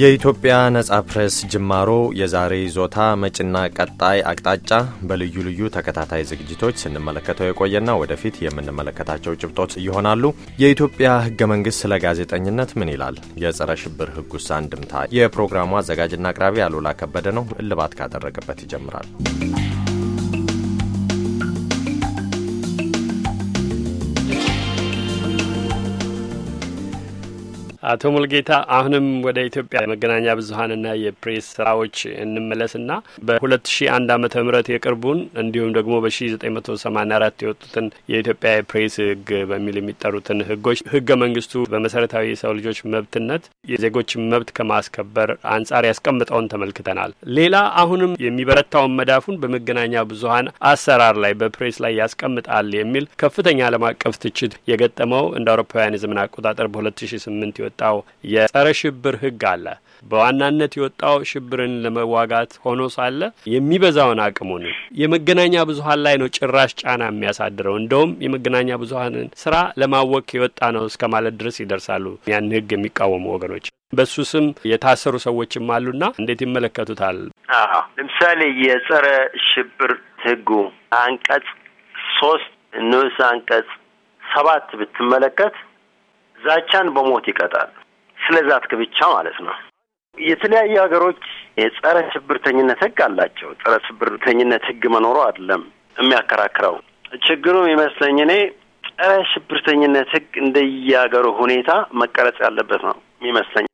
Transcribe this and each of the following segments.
የኢትዮጵያ ነጻ ፕሬስ ጅማሮ፣ የዛሬ ይዞታ፣ መጭና ቀጣይ አቅጣጫ በልዩ ልዩ ተከታታይ ዝግጅቶች ስንመለከተው የቆየና ወደፊት የምንመለከታቸው ጭብጦች ይሆናሉ። የኢትዮጵያ ህገ መንግስት ስለ ጋዜጠኝነት ምን ይላል? የጸረ ሽብር ሕጉስ አንድምታ። የፕሮግራሙ አዘጋጅና አቅራቢ አሉላ ከበደ ነው። እልባት ካደረገበት ይጀምራል። አቶ ሙልጌታ አሁንም ወደ ኢትዮጵያ የመገናኛ ብዙሀንና የፕሬስ ስራዎች እንመለስና በ2001 ዓመተ ምህረት የቅርቡን እንዲሁም ደግሞ በ1984 የወጡትን የኢትዮጵያ የፕሬስ ህግ በሚል የሚጠሩትን ህጎች ህገ መንግስቱ በመሰረታዊ የሰው ልጆች መብትነት የዜጎችን መብት ከማስከበር አንጻር ያስቀምጠውን ተመልክተናል። ሌላ አሁንም የሚበረታውን መዳፉን በመገናኛ ብዙሀን አሰራር ላይ በፕሬስ ላይ ያስቀምጣል የሚል ከፍተኛ ዓለም አቀፍ ትችት የገጠመው እንደ አውሮፓውያን የዘመን አቆጣጠር በ2008 የወጣው የጸረ ሽብር ህግ አለ። በዋናነት የወጣው ሽብርን ለመዋጋት ሆኖ ሳለ የሚበዛውን አቅሙን የመገናኛ ብዙሀን ላይ ነው ጭራሽ ጫና የሚያሳድረው። እንደውም የመገናኛ ብዙሀንን ስራ ለማወክ የወጣ ነው እስከ ማለት ድረስ ይደርሳሉ ያን ህግ የሚቃወሙ ወገኖች። በሱ ስም የታሰሩ ሰዎችም አሉና እንዴት ይመለከቱታል? ለምሳሌ የጸረ ሽብር ህጉ አንቀጽ ሶስት ንዑስ አንቀጽ ሰባት ብትመለከት ዛቻን በሞት ይቀጣል። ስለ ዛትክ ብቻ ማለት ነው። የተለያዩ ሀገሮች የጸረ ሽብርተኝነት ህግ አላቸው። ጸረ ሽብርተኝነት ህግ መኖሩ አይደለም የሚያከራክረው። ችግሩ ይመስለኝ እኔ ጸረ ሽብርተኝነት ህግ እንደየሀገሩ ሁኔታ መቀረጽ ያለበት ነው የሚመስለኝ።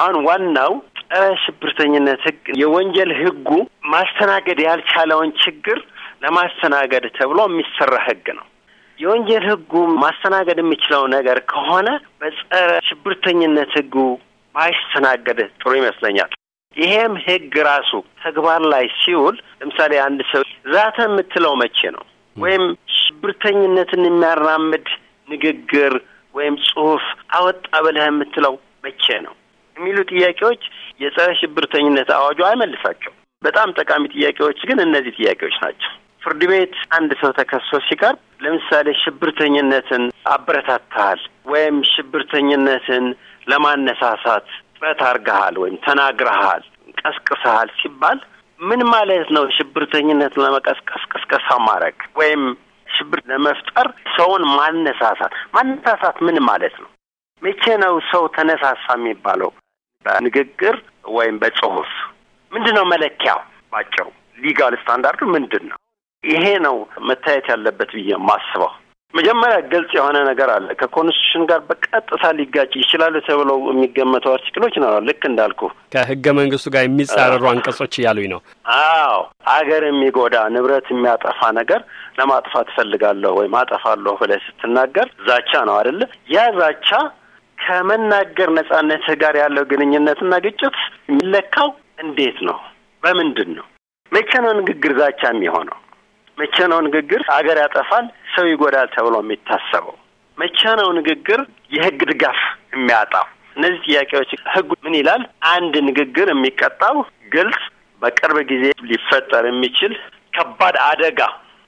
አሁን ዋናው ጸረ ሽብርተኝነት ህግ የወንጀል ህጉ ማስተናገድ ያልቻለውን ችግር ለማስተናገድ ተብሎ የሚሰራ ህግ ነው። የወንጀል ህጉ ማስተናገድ የሚችለው ነገር ከሆነ በጸረ ሽብርተኝነት ህጉ ባይስተናገድ ጥሩ ይመስለኛል። ይሄም ህግ ራሱ ተግባር ላይ ሲውል ለምሳሌ አንድ ሰው ዛተ የምትለው መቼ ነው? ወይም ሽብርተኝነትን የሚያራምድ ንግግር ወይም ጽሁፍ አወጣ ብለህ የምትለው መቼ ነው የሚሉ ጥያቄዎች የጸረ ሽብርተኝነት አዋጁ አይመልሳቸው። በጣም ጠቃሚ ጥያቄዎች ግን እነዚህ ጥያቄዎች ናቸው። ፍርድ ቤት አንድ ሰው ተከሶ ሲቀርብ ለምሳሌ ሽብርተኝነትን አበረታታሃል ወይም ሽብርተኝነትን ለማነሳሳት ጥረት አርገሃል ወይም ተናግረሃል፣ ቀስቅሰሃል ሲባል ምን ማለት ነው? ሽብርተኝነትን ለመቀስቀስ ቅስቀሳ ማድረግ ወይም ሽብር ለመፍጠር ሰውን ማነሳሳት ማነሳሳት ምን ማለት ነው? መቼ ነው ሰው ተነሳሳ የሚባለው? በንግግር ወይም በጽሁፍ ምንድን ነው መለኪያው? ባጭሩ ሊጋል ስታንዳርዱ ምንድን ነው? ይሄ ነው መታየት ያለበት ብዬ የማስበው። መጀመሪያ ግልጽ የሆነ ነገር አለ። ከኮንስቲቱሽን ጋር በቀጥታ ሊጋጭ ይችላሉ ተብለው የሚገመቱ አርቲክሎች ይኖራሉ። ልክ እንዳልኩ ከህገ መንግስቱ ጋር የሚጻረሩ አንቀጾች እያሉኝ ነው። አዎ አገር የሚጎዳ ንብረት የሚያጠፋ ነገር ለማጥፋት እፈልጋለሁ ወይም አጠፋለሁ ብለህ ስትናገር ዛቻ ነው አይደለ? ያ ዛቻ ከመናገር ነጻነትህ ጋር ያለው ግንኙነትና ግጭት የሚለካው እንዴት ነው? በምንድን ነው? መቼ ነው ንግግር ዛቻ የሚሆነው? መቼ ነው ንግግር አገር ያጠፋል ሰው ይጎዳል ተብሎ የሚታሰበው? መቼ ነው ንግግር የህግ ድጋፍ የሚያጣው? እነዚህ ጥያቄዎች ህጉ ምን ይላል? አንድ ንግግር የሚቀጣው ግልጽ፣ በቅርብ ጊዜ ሊፈጠር የሚችል ከባድ አደጋ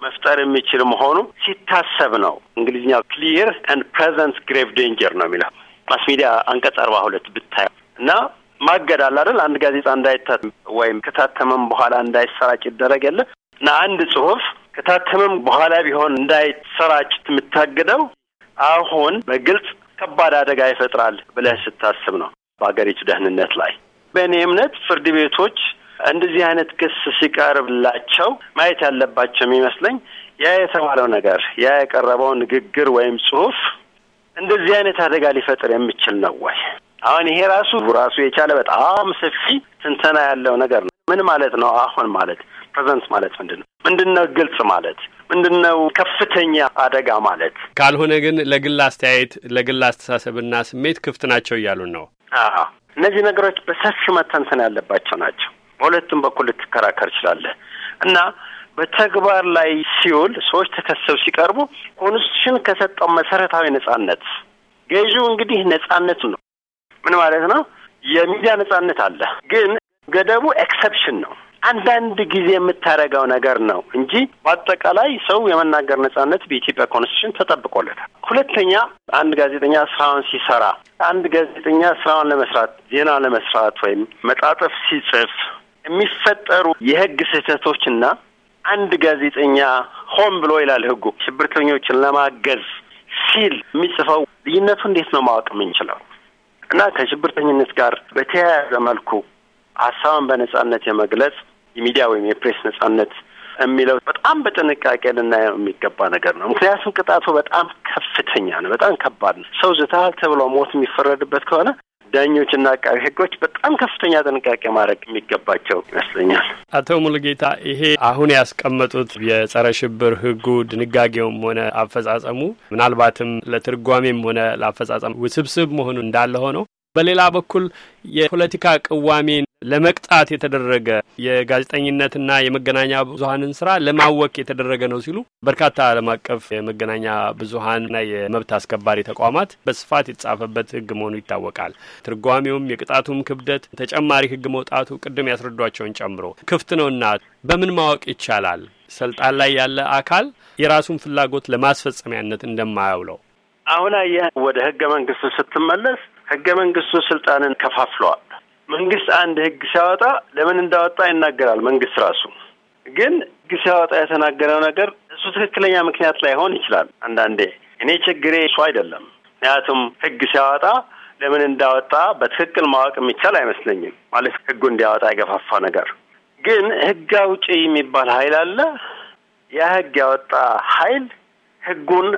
መፍጠር የሚችል መሆኑ ሲታሰብ ነው። እንግሊዝኛው ክሊር ኤንድ ፕሬዘንት ግሬቭ ዴንጀር ነው የሚለው ማስ ሚዲያ አንቀጽ አርባ ሁለት ብታየው እና ማገድ አለ አይደል? አንድ ጋዜጣ እንዳይታ ወይም ከታተመም በኋላ እንዳይሰራጭ ይደረግ የለ እና አንድ ጽሁፍ ከታተመም በኋላ ቢሆን እንዳይሰራጭ የምታገደው አሁን በግልጽ ከባድ አደጋ ይፈጥራል ብለህ ስታስብ ነው በሀገሪቱ ደህንነት ላይ። በእኔ እምነት ፍርድ ቤቶች እንደዚህ አይነት ክስ ሲቀርብላቸው ማየት ያለባቸው የሚመስለኝ ያ የተባለው ነገር ያ የቀረበው ንግግር ወይም ጽሁፍ እንደዚህ አይነት አደጋ ሊፈጥር የሚችል ነው ወይ? አሁን ይሄ ራሱ ራሱ የቻለ በጣም ሰፊ ትንተና ያለው ነገር ነው። ምን ማለት ነው አሁን ማለት ፕሬዘንስ ማለት ምንድን ነው? ምንድን ነው ግልጽ ማለት ምንድን ነው? ከፍተኛ አደጋ ማለት ካልሆነ ግን ለግል አስተያየት፣ ለግል አስተሳሰብና ስሜት ክፍት ናቸው እያሉን ነው። አዎ እነዚህ ነገሮች በሰፊ መተንተን ያለባቸው ናቸው። በሁለቱም በኩል ልትከራከር ይችላለህ እና በተግባር ላይ ሲውል ሰዎች ተከሰው ሲቀርቡ ኮንስቲቱሽን ከሰጠው መሰረታዊ ነጻነት ገዢው እንግዲህ ነጻነት ነው። ምን ማለት ነው? የሚዲያ ነጻነት አለ፣ ግን ገደቡ ኤክሰፕሽን ነው። አንዳንድ ጊዜ የምታደርገው ነገር ነው እንጂ በአጠቃላይ ሰው የመናገር ነጻነት በኢትዮጵያ ኮንስቲቱሽን ተጠብቆለታል። ሁለተኛ አንድ ጋዜጠኛ ስራውን ሲሰራ አንድ ጋዜጠኛ ስራውን ለመስራት ዜና ለመስራት ወይም መጣጠፍ ሲጽፍ የሚፈጠሩ የህግ ስህተቶችና አንድ ጋዜጠኛ ሆን ብሎ ይላል ህጉ ሽብርተኞችን ለማገዝ ሲል የሚጽፈው ልዩነቱ እንዴት ነው ማወቅ የምንችለው? እና ከሽብርተኝነት ጋር በተያያዘ መልኩ ሀሳብን በነጻነት የመግለጽ የሚዲያ ወይም የፕሬስ ነጻነት የሚለው በጣም በጥንቃቄ ልናየው የሚገባ ነገር ነው። ምክንያቱም ቅጣቱ በጣም ከፍተኛ ነው፣ በጣም ከባድ ነው። ሰው ዝተሃል ተብሎ ሞት የሚፈረድበት ከሆነ ዳኞች እና አቃቢ ሕጎች በጣም ከፍተኛ ጥንቃቄ ማድረግ የሚገባቸው ይመስለኛል። አቶ ሙሉጌታ፣ ይሄ አሁን ያስቀመጡት የጸረ ሽብር ሕጉ ድንጋጌውም ሆነ አፈጻጸሙ ምናልባትም ለትርጓሜም ሆነ ለአፈጻጸም ውስብስብ መሆኑ እንዳለ ሆነው በሌላ በኩል የፖለቲካ ቅዋሜን ለመቅጣት የተደረገ የጋዜጠኝነትና የመገናኛ ብዙሀንን ስራ ለማወክ የተደረገ ነው ሲሉ በርካታ ዓለም አቀፍ የመገናኛ ብዙሀንና የመብት አስከባሪ ተቋማት በስፋት የተጻፈበት ህግ መሆኑ ይታወቃል። ትርጓሜውም የቅጣቱም ክብደት ተጨማሪ ህግ መውጣቱ ቅድም ያስረዷቸውን ጨምሮ ክፍት ነውና በምን ማወቅ ይቻላል ስልጣን ላይ ያለ አካል የራሱን ፍላጎት ለማስፈጸሚያነት እንደማያውለው አሁን አየህ ወደ ህገ መንግስት ስትመለስ ህገ መንግስቱ ስልጣንን ከፋፍለዋል። መንግስት አንድ ህግ ሲያወጣ ለምን እንዳወጣ ይናገራል። መንግስት ራሱ ግን ህግ ሲያወጣ የተናገረው ነገር እሱ ትክክለኛ ምክንያት ላይሆን ይችላል። አንዳንዴ እኔ ችግሬ እሱ አይደለም። ምክንያቱም ህግ ሲያወጣ ለምን እንዳወጣ በትክክል ማወቅ የሚቻል አይመስለኝም። ማለት ህጉ እንዲያወጣ የገፋፋ ነገር ግን ህግ አውጪ የሚባል ኃይል አለ። ያ ህግ ያወጣ ኃይል ህጉን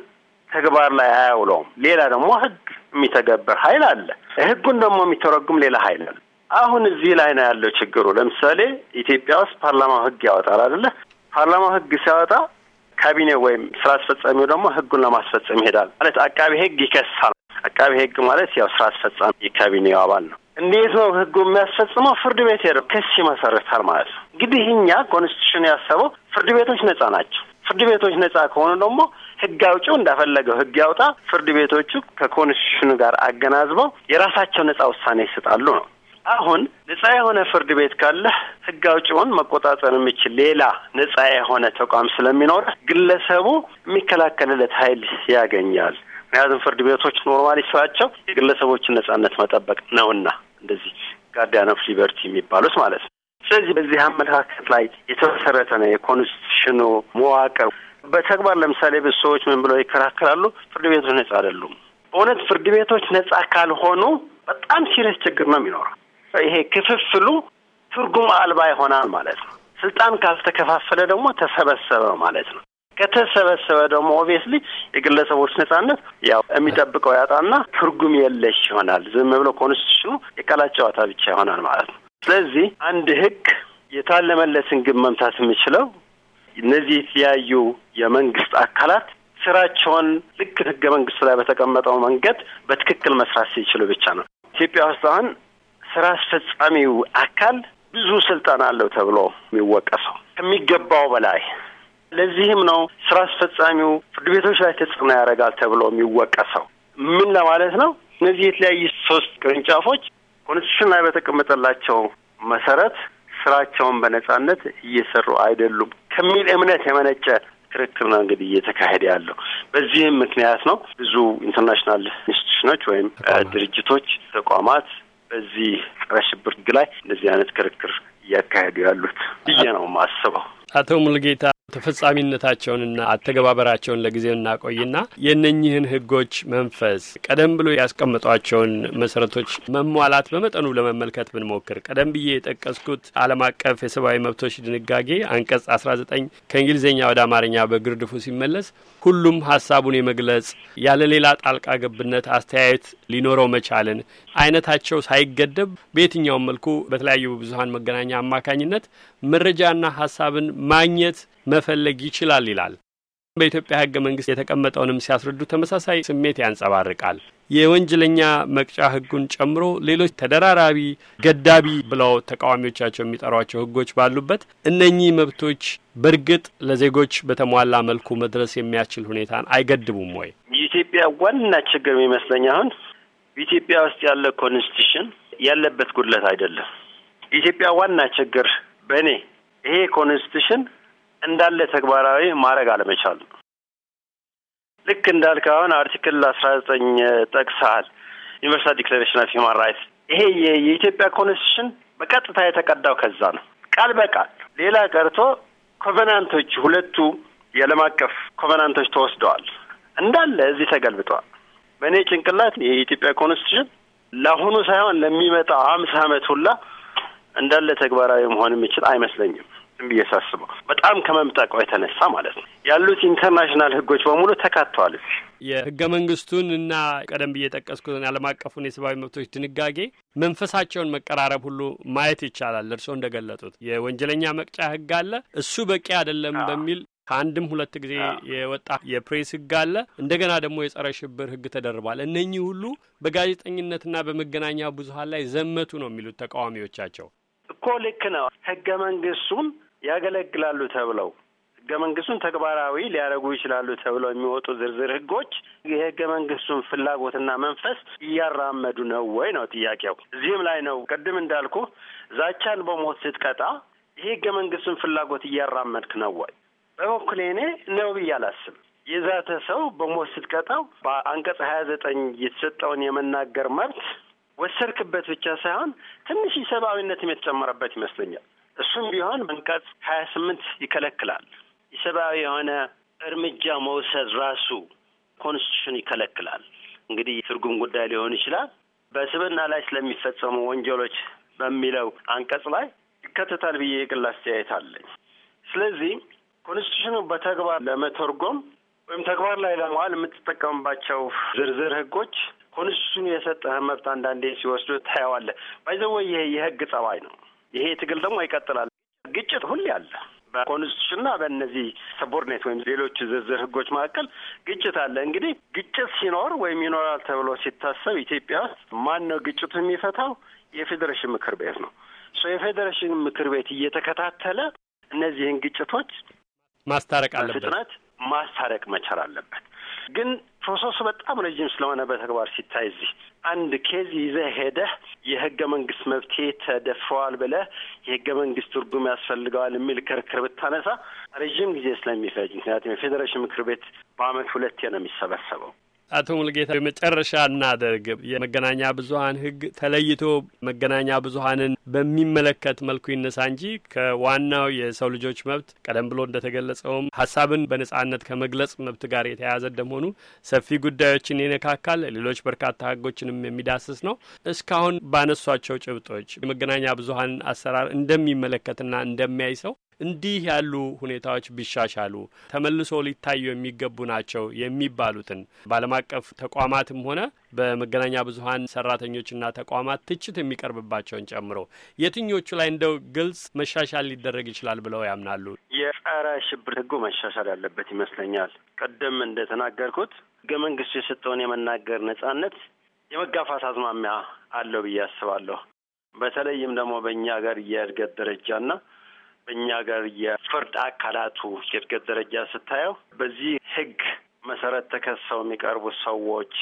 ተግባር ላይ አያውለውም። ሌላ ደግሞ ህግ የሚተገበር ኃይል አለ። ህጉን ደግሞ የሚተረጉም ሌላ ኃይል አለ። አሁን እዚህ ላይ ነው ያለው ችግሩ። ለምሳሌ ኢትዮጵያ ውስጥ ፓርላማው ህግ ያወጣል አይደለ? ፓርላማው ህግ ሲያወጣ ካቢኔ ወይም ስራ አስፈጻሚው ደግሞ ህጉን ለማስፈጸም ይሄዳል። ማለት አቃቢ ህግ ይከሳል። አቃቢ ህግ ማለት ያው ስራ አስፈጻሚ የካቢኔው አባል ነው። እንዴት ነው ህጉ የሚያስፈጽመው? ፍርድ ቤት ሄደው ክስ ይመሰርታል ማለት ነው። እንግዲህ እኛ ኮንስቲቱሽን ያሰበው ፍርድ ቤቶች ነጻ ናቸው። ፍርድ ቤቶች ነጻ ከሆኑ ደግሞ ህግ አውጪው እንዳፈለገው ህግ ያውጣ፣ ፍርድ ቤቶቹ ከኮንስቲቱሽኑ ጋር አገናዝበው የራሳቸው ነጻ ውሳኔ ይሰጣሉ ነው። አሁን ነጻ የሆነ ፍርድ ቤት ካለህ ህግ አውጪውን መቆጣጠር የሚችል ሌላ ነጻ የሆነ ተቋም ስለሚኖር ግለሰቡ የሚከላከልለት ኃይል ያገኛል። ምክንያቱም ፍርድ ቤቶች ኖርማሊ ስራቸው የግለሰቦችን ነጻነት መጠበቅ ነውና እንደዚህ ጋርዲያን ኦፍ ሊበርቲ የሚባሉት ማለት ነው። ስለዚህ በዚህ አመለካከት ላይ የተመሰረተ ነው የኮንስቲቱሽኑ መዋቅር። በተግባር ለምሳሌ ብዙ ሰዎች ምን ብለው ይከራከራሉ? ፍርድ ቤቶች ነጻ አይደሉም። እውነት ፍርድ ቤቶች ነጻ ካልሆኑ በጣም ሲሪየስ ችግር ነው የሚኖረው። ይሄ ክፍፍሉ ትርጉም አልባ ይሆናል ማለት ነው። ስልጣን ካልተከፋፈለ ደግሞ ተሰበሰበ ማለት ነው። ከተሰበሰበ ደግሞ ኦብቪየስሊ የግለሰቦች ነጻነት ያው የሚጠብቀው ያጣና ትርጉም የለሽ ይሆናል። ዝም ብሎ ኮንስቲቱሽኑ የቃላት ጨዋታ ብቻ ይሆናል ማለት ነው። ስለዚህ አንድ ህግ የታለመለትን ግብ መምታት የሚችለው እነዚህ የተለያዩ የመንግስት አካላት ስራቸውን ልክ ህገ መንግስት ላይ በተቀመጠው መንገድ በትክክል መስራት ሲችሉ ብቻ ነው። ኢትዮጵያ ውስጥ አሁን ስራ አስፈጻሚው አካል ብዙ ስልጣን አለው ተብሎ የሚወቀሰው ከሚገባው በላይ። ለዚህም ነው ስራ አስፈጻሚው ፍርድ ቤቶች ላይ ተጽዕኖ ያደርጋል ተብሎ የሚወቀሰው። ምን ለማለት ነው? እነዚህ የተለያዩ ሶስት ቅርንጫፎች ኮንስቲቱሽን ላይ በተቀመጠላቸው መሰረት ስራቸውን በነጻነት እየሰሩ አይደሉም። ከሚል እምነት የመነጨ ክርክር ነው እንግዲህ እየተካሄደ ያለው። በዚህም ምክንያት ነው ብዙ ኢንተርናሽናል ኢንስቲቱሽኖች ወይም ድርጅቶች፣ ተቋማት በዚህ ጸረ ሽብር ሕግ ላይ እንደዚህ አይነት ክርክር እያካሄዱ ያሉት ብዬ ነው የማስበው። አቶ ሙልጌታ ተፈጻሚነታቸውንና አተገባበራቸውን ለጊዜው እናቆይና የእነኝህን ህጎች መንፈስ ቀደም ብሎ ያስቀመጧቸውን መሰረቶች መሟላት በመጠኑ ለመመልከት ብንሞክር ቀደም ብዬ የጠቀስኩት ዓለም አቀፍ የሰብአዊ መብቶች ድንጋጌ አንቀጽ 19 ከእንግሊዝኛ ወደ አማርኛ በግርድፉ ሲመለስ ሁሉም ሀሳቡን የመግለጽ ያለ ሌላ ጣልቃ ገብነት አስተያየት ሊኖረው መቻልን አይነታቸው ሳይገደብ በየትኛውም መልኩ በተለያዩ ብዙሀን መገናኛ አማካኝነት መረጃና ሀሳብን ማግኘት መፈለግ ይችላል ይላል። በኢትዮጵያ ህገ መንግስት የተቀመጠውንም ሲያስረዱ ተመሳሳይ ስሜት ያንጸባርቃል። የወንጀለኛ መቅጫ ህጉን ጨምሮ ሌሎች ተደራራቢ ገዳቢ ብለው ተቃዋሚዎቻቸው የሚጠሯቸው ህጎች ባሉበት እነኚህ መብቶች በእርግጥ ለዜጎች በተሟላ መልኩ መድረስ የሚያስችል ሁኔታን አይገድቡም ወይ? የኢትዮጵያ ዋና ችግር የሚመስለኝ አሁን ኢትዮጵያ ውስጥ ያለ ኮንስቲቱሽን ያለበት ጉድለት አይደለም። የኢትዮጵያ ዋና ችግር በእኔ ይሄ ኮንስቲቱሽን እንዳለ ተግባራዊ ማድረግ አለመቻሉ ልክ እንዳልከ አሁን አርቲክል አስራ ዘጠኝ ጠቅሰሃል ዩኒቨርሳል ዲክላሬሽን ኦፍ ሂማን ራይትስ ይሄ የኢትዮጵያ ኮንስቲቱሽን በቀጥታ የተቀዳው ከዛ ነው ቃል በቃል ሌላ ቀርቶ ኮቨናንቶች ሁለቱ የዓለም አቀፍ ኮቨናንቶች ተወስደዋል እንዳለ እዚህ ተገልብጠዋል በእኔ ጭንቅላት የኢትዮጵያ ኮንስቲቱሽን ለአሁኑ ሳይሆን ለሚመጣው አምሳ አመት ሁላ እንዳለ ተግባራዊ መሆን የሚችል አይመስለኝም ዝም ብዬ ሳስበው በጣም ከመምጠቀው የተነሳ ማለት ነው ያሉት ኢንተርናሽናል ህጎች በሙሉ ተካተዋል። የህገ መንግስቱን እና ቀደም ብዬ የጠቀስኩትን ዓለም አቀፉን የሰብአዊ መብቶች ድንጋጌ መንፈሳቸውን መቀራረብ ሁሉ ማየት ይቻላል። እርስዎ እንደገለጡት የወንጀለኛ መቅጫ ህግ አለ፣ እሱ በቂ አይደለም በሚል ከአንድም ሁለት ጊዜ የወጣ የፕሬስ ህግ አለ። እንደገና ደግሞ የጸረ ሽብር ህግ ተደርቧል። እነኚህ ሁሉ በጋዜጠኝነትና በመገናኛ ብዙሀን ላይ ዘመቱ ነው የሚሉት ተቃዋሚዎቻቸው። እኮ ልክ ነው። ህገ መንግስቱን ያገለግላሉ ተብለው ህገ መንግስቱን ተግባራዊ ሊያደርጉ ይችላሉ ተብለው የሚወጡ ዝርዝር ህጎች የህገ መንግስቱን ፍላጎትና መንፈስ እያራመዱ ነው ወይ ነው ጥያቄው። እዚህም ላይ ነው ቅድም እንዳልኩ ዛቻን በሞት ስትቀጣ ይህ ህገ መንግስቱን ፍላጎት እያራመድክ ነው ወይ? በበኩሌ እኔ ነው ብዬ አላስብም። የዛተ ሰው በሞት ስትቀጣው በአንቀጽ ሀያ ዘጠኝ የተሰጠውን የመናገር መብት ወሰድክበት ብቻ ሳይሆን ትንሽ ሰብአዊነትም የተጨመረበት ይመስለኛል። እሱም ቢሆን አንቀጽ ሀያ ስምንት ይከለክላል። የሰብአዊ የሆነ እርምጃ መውሰድ ራሱ ኮንስቲቱሽን ይከለክላል። እንግዲህ ትርጉም ጉዳይ ሊሆን ይችላል። በስብና ላይ ስለሚፈጸሙ ወንጀሎች በሚለው አንቀጽ ላይ ይከተታል ብዬ የግል አስተያየት አለኝ። ስለዚህ ኮንስቲቱሽኑ በተግባር ለመተርጎም ወይም ተግባር ላይ ለመዋል የምትጠቀምባቸው ዝርዝር ህጎች ኮንስቲቱሽኑ የሰጠህ መብት አንዳንዴ ሲወስዱ ታየዋለህ። ባይዘወ ይሄ የህግ ጸባይ ነው። ይሄ ትግል ደግሞ ይቀጥላል። ግጭት ሁሌ አለ። በኮንስቲቱሽንና በእነዚህ ሰቦርኔት ወይም ሌሎች ዝርዝር ህጎች መካከል ግጭት አለ። እንግዲህ ግጭት ሲኖር ወይም ይኖራል ተብሎ ሲታሰብ ኢትዮጵያ ውስጥ ማን ነው ግጭቱ የሚፈታው? የፌዴሬሽን ምክር ቤት ነው። የፌዴሬሽን ምክር ቤት እየተከታተለ እነዚህን ግጭቶች ማስታረቅ አለበት፣ ፍጥነት ማስታረቅ መቻል አለበት። ግን ፕሮሰሱ በጣም ረጅም ስለሆነ በተግባር ሲታይ እዚህ አንድ ኬዝ ይዘህ ሄደህ የህገ መንግስት መብቴ ተደፍረዋል ብለህ የህገ መንግስት ትርጉም ያስፈልገዋል የሚል ክርክር ብታነሳ ረዥም ጊዜ ስለሚፈጅ ምክንያቱም የፌዴሬሽን ምክር ቤት በአመት ሁለቴ ነው የሚሰበሰበው አቶ ሙልጌታ የመጨረሻ እናደርግ የመገናኛ ብዙሀን ህግ ተለይቶ መገናኛ ብዙሀንን በሚመለከት መልኩ ይነሳ እንጂ ከዋናው የሰው ልጆች መብት ቀደም ብሎ እንደተገለጸውም ሀሳብን በነጻነት ከመግለጽ መብት ጋር የተያያዘ እንደመሆኑ ሰፊ ጉዳዮችን ይነካካል። ሌሎች በርካታ ህጎችንም የሚዳስስ ነው። እስካሁን ባነሷቸው ጭብጦች የመገናኛ ብዙሀንን አሰራር እንደሚመለከትና እንደሚያይ ሰው እንዲህ ያሉ ሁኔታዎች ቢሻሻሉ ተመልሶ ሊታዩ የሚገቡ ናቸው የሚባሉትን በዓለም አቀፍ ተቋማትም ሆነ በመገናኛ ብዙኃን ሰራተኞችና ተቋማት ትችት የሚቀርብባቸውን ጨምሮ የትኞቹ ላይ እንደው ግልጽ መሻሻል ሊደረግ ይችላል ብለው ያምናሉ? የጸረ ሽብር ሕጉ መሻሻል ያለበት ይመስለኛል። ቀደም እንደተናገርኩት ሕገ መንግስቱ የሰጠውን የመናገር ነጻነት የመጋፋት አዝማሚያ አለው ብዬ አስባለሁ። በተለይም ደግሞ በእኛ ሀገር የእድገት ደረጃና እኛ ጋር የፍርድ አካላቱ የእድገት ደረጃ ስታየው በዚህ ህግ መሰረት ተከሰው የሚቀርቡ ሰዎች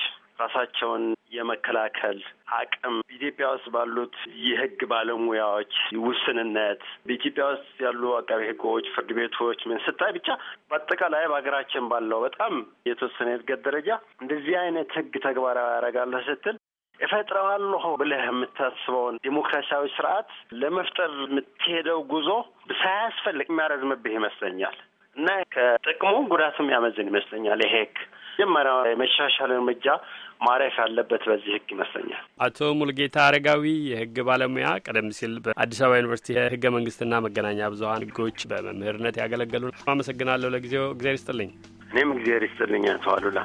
ራሳቸውን የመከላከል አቅም ኢትዮጵያ ውስጥ ባሉት የህግ ባለሙያዎች ውስንነት፣ በኢትዮጵያ ውስጥ ያሉ አቃቢ ህጎች፣ ፍርድ ቤቶች ምን ስታይ ብቻ በአጠቃላይ በሀገራችን ባለው በጣም የተወሰነ የእድገት ደረጃ እንደዚህ አይነት ህግ ተግባራዊ ያደርጋለህ ስትል እፈጥረዋለሁ ብለህ የምታስበውን ዲሞክራሲያዊ ስርዓት ለመፍጠር የምትሄደው ጉዞ ሳያስፈልግ የሚያረዝምብህ ይመስለኛል እና ከጥቅሙ ጉዳትም ያመዝን ይመስለኛል። ይሄ ህግ መጀመሪያው የመሻሻል እርምጃ ማረፍ ያለበት በዚህ ህግ ይመስለኛል። አቶ ሙልጌታ አረጋዊ የህግ ባለሙያ፣ ቀደም ሲል በአዲስ አበባ ዩኒቨርሲቲ የህገ መንግስትና መገናኛ ብዙሀን ህጎች በመምህርነት ያገለገሉ፣ አመሰግናለሁ። ለጊዜው እግዚአብሔር ይስጥልኝ። እኔም እግዚአብሔር ይስጥልኝ አቶ አሉላ።